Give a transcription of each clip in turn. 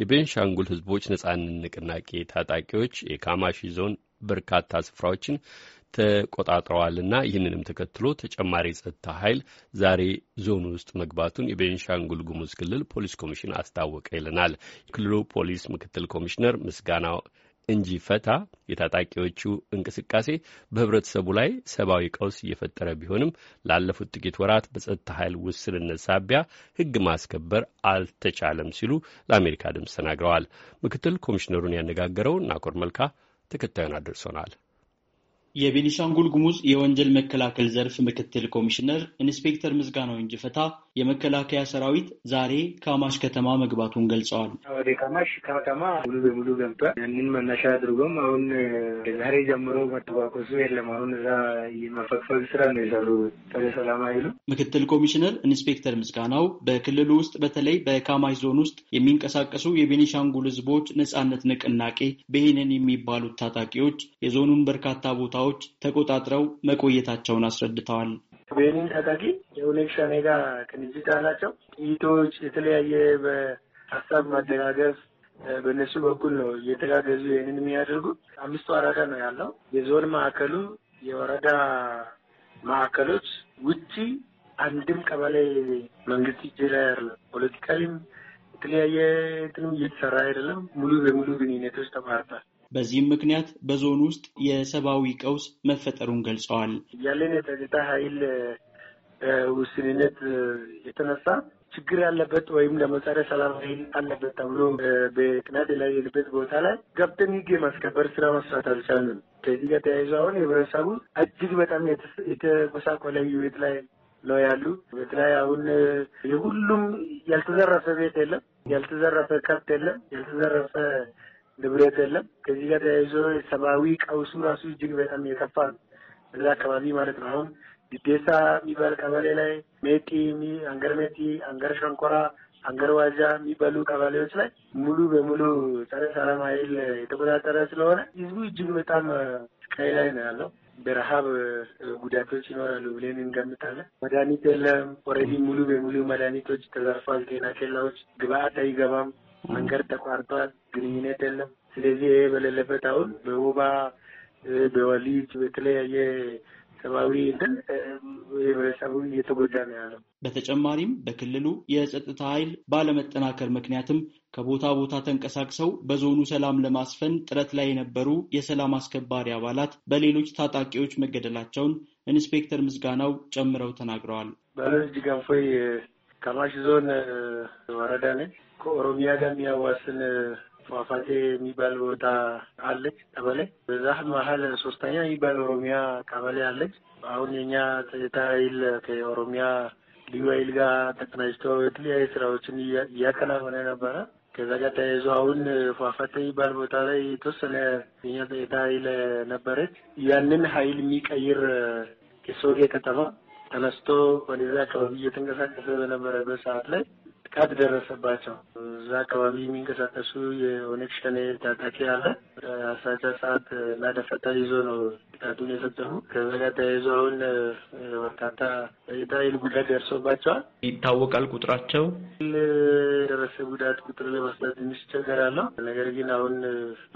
የቤንሻንጉል ህዝቦች ነጻነት ንቅናቄ ታጣቂዎች የካማሺ ዞን በርካታ ስፍራዎችን ተቆጣጥረዋልና ይህንንም ተከትሎ ተጨማሪ ጸጥታ ኃይል ዛሬ ዞን ውስጥ መግባቱን የቤንሻንጉል ጉሙዝ ክልል ፖሊስ ኮሚሽን አስታወቀ ይለናል የክልሉ ፖሊስ ምክትል ኮሚሽነር ምስጋናው እንጂ ፈታ የታጣቂዎቹ እንቅስቃሴ በህብረተሰቡ ላይ ሰብአዊ ቀውስ እየፈጠረ ቢሆንም ላለፉት ጥቂት ወራት በጸጥታ ኃይል ውስንነት ሳቢያ ህግ ማስከበር አልተቻለም ሲሉ ለአሜሪካ ድምፅ ተናግረዋል። ምክትል ኮሚሽነሩን ያነጋገረው ናኮር መልካ ተከታዩን አድርሶናል። የቤኒሻንጉል ጉሙዝ የወንጀል መከላከል ዘርፍ ምክትል ኮሚሽነር ኢንስፔክተር ምዝጋናው እንጅፈታ የመከላከያ ሰራዊት ዛሬ ካማሽ ከተማ መግባቱን ገልጸዋል። ወደ ካማሽ ከተማ ሙሉ በሙሉ ገብቷል። ያንን መነሻ አድርጎም አሁን ዛሬ ጀምሮ መተኳኮሱ የለም። አሁን እዛ የመፈግፈግ ስራ ነው የሰሩ ሰላም አይሉ ምክትል ኮሚሽነር ኢንስፔክተር ምዝጋናው በክልሉ ውስጥ በተለይ በካማሽ ዞን ውስጥ የሚንቀሳቀሱ የቤኒሻንጉል ህዝቦች ነጻነት ንቅናቄ በሄነን የሚባሉት ታጣቂዎች የዞኑን በርካታ ቦታ ቦታዎች ተቆጣጥረው መቆየታቸውን አስረድተዋል። ቤኒን ታጣቂ የኦነግ ሸኔ ጋር ቅንጅት አላቸው። ጥይቶች፣ የተለያየ በሀሳብ ማደጋገፍ በእነሱ በኩል ነው እየተጋገዙ ይህንን የሚያደርጉ አምስቱ አራዳ ነው ያለው። የዞን ማዕከሉ የወረዳ ማዕከሎች ውጪ አንድም ቀበሌ መንግስት እጅ ላይ ያለ ፖለቲካዊም የተለያየ እየተሰራ አይደለም። ሙሉ በሙሉ ግንኙነቶች ተቋርጧል። በዚህም ምክንያት በዞኑ ውስጥ የሰብአዊ ቀውስ መፈጠሩን ገልጸዋል። ያለን የጸጥታ ኃይል ውስንነት የተነሳ ችግር ያለበት ወይም ለመሳሪያ ሰላም ኃይል አለበት ተብሎ በቅናት ላይ ቦታ ላይ ገብተን ህግ የማስከበር ስራ መስራት አልቻልንም። ከዚህ ጋር ተያይዞ አሁን የህብረተሰቡ እጅግ በጣም የተጎሳቆለ ቤት ላይ ነው ያሉ። ቤት ላይ አሁን የሁሉም ያልተዘረፈ ቤት የለም፣ ያልተዘረፈ ከብት የለም፣ ያልተዘረፈ ንብረት የለም። ከዚህ ጋር ተያይዞ ሰብአዊ ቀውሱ ራሱ እጅግ በጣም የከፋ ነው። እዛ አካባቢ ማለት ነው። አሁን ድዴሳ የሚባል ቀበሌ ላይ ሜቲ፣ አንገር ሜጢ፣ አንገር ሸንኮራ፣ አንገር ዋዣ የሚባሉ ቀበሌዎች ላይ ሙሉ በሙሉ ጸረ ሰላም ኃይል የተቆጣጠረ ስለሆነ ህዝቡ እጅግ በጣም ቀይ ላይ ነው ያለው። በረሃብ ጉዳቶች ይኖራሉ ብለን እንገምታለን። መድኃኒት የለም። ኦልሬዲ ሙሉ በሙሉ መድኃኒቶች ተዘርፏል። ጤና ኬላዎች ግብአት አይገባም። መንገድ ተቋርጧል፣ ግንኙነት የለም። ስለዚህ ይሄ በሌለበት አሁን በወባ በወሊድ በተለያየ ሰብአዊ እንትን እየተጎዳ ነው ያለው። በተጨማሪም በክልሉ የጸጥታ ኃይል ባለመጠናከር ምክንያትም ከቦታ ቦታ ተንቀሳቅሰው በዞኑ ሰላም ለማስፈን ጥረት ላይ የነበሩ የሰላም አስከባሪ አባላት በሌሎች ታጣቂዎች መገደላቸውን ኢንስፔክተር ምስጋናው ጨምረው ተናግረዋል። ባለስ ጅጋንፎይ ከማሽ ዞን ወረዳ ነኝ። ከኦሮሚያ ጋር የሚያዋስን ፏፏቴ የሚባል ቦታ አለች ቀበሌ። በዛ መሀል ሶስተኛ የሚባል ኦሮሚያ ቀበሌ አለች። አሁን የኛ ጸጥታ ኃይል ከኦሮሚያ ልዩ ኃይል ጋር ተቀናጅቶ የተለያዩ ስራዎችን እያከናወነ ነበረ። ከዛ ጋር ተያይዞ አሁን ፏፏቴ የሚባል ቦታ ላይ የተወሰነ የኛ ጸጥታ ኃይል ነበረች። ያንን ኃይል የሚቀይር የሶጌ ከተማ ተነስቶ ወደዛ አካባቢ እየተንቀሳቀሰ በነበረበት ሰዓት ላይ ጥቃት ደረሰባቸው። እዛ አካባቢ የሚንቀሳቀሱ የኦነግ ሸኔ ታጣቂ አለ አሳቻ ሰዓት ላደፈጠር ይዞ ነው ጥቃቱን የፈጸሙ ከዛ ጋር ተያይዞ አሁን በርካታ የተለያዩ ጉዳት ደርሶባቸዋል። ይታወቃል ቁጥራቸው የደረሰ ጉዳት ቁጥር ለመስጠት ትንሽ ይቸገራለሁ። ነገር ግን አሁን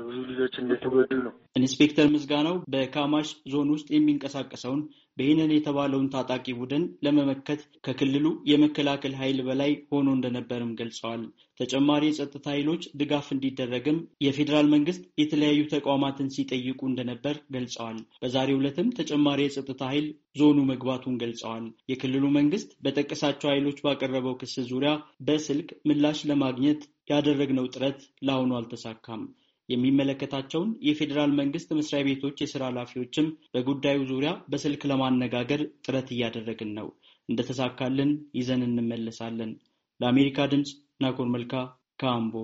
ብዙ ልጆች እንደተጎዱ ነው። ኢንስፔክተር ምዝጋናው በካማሽ ዞን ውስጥ የሚንቀሳቀሰውን በይነን የተባለውን ታጣቂ ቡድን ለመመከት ከክልሉ የመከላከል ኃይል በላይ ሆኖ እንደነበርም ገልጸዋል። ተጨማሪ የጸጥታ ኃይሎች ድጋፍ እንዲደረግም የፌዴራል መንግስት የተለያዩ ተቋማትን ሲጠይቁ እንደነበር ገልጸዋል። በዛሬው ዕለትም ተጨማሪ የጸጥታ ኃይል ዞኑ መግባቱን ገልጸዋል። የክልሉ መንግስት በጠቀሳቸው ኃይሎች ባቀረበው ክስ ዙሪያ በስልክ ምላሽ ለማግኘት ያደረግነው ጥረት ለአሁኑ አልተሳካም። የሚመለከታቸውን የፌዴራል መንግስት መስሪያ ቤቶች የስራ ኃላፊዎችም በጉዳዩ ዙሪያ በስልክ ለማነጋገር ጥረት እያደረግን ነው። እንደተሳካልን ይዘን እንመለሳለን። ለአሜሪካ ድምፅ ናኮር መልካ ካምቦ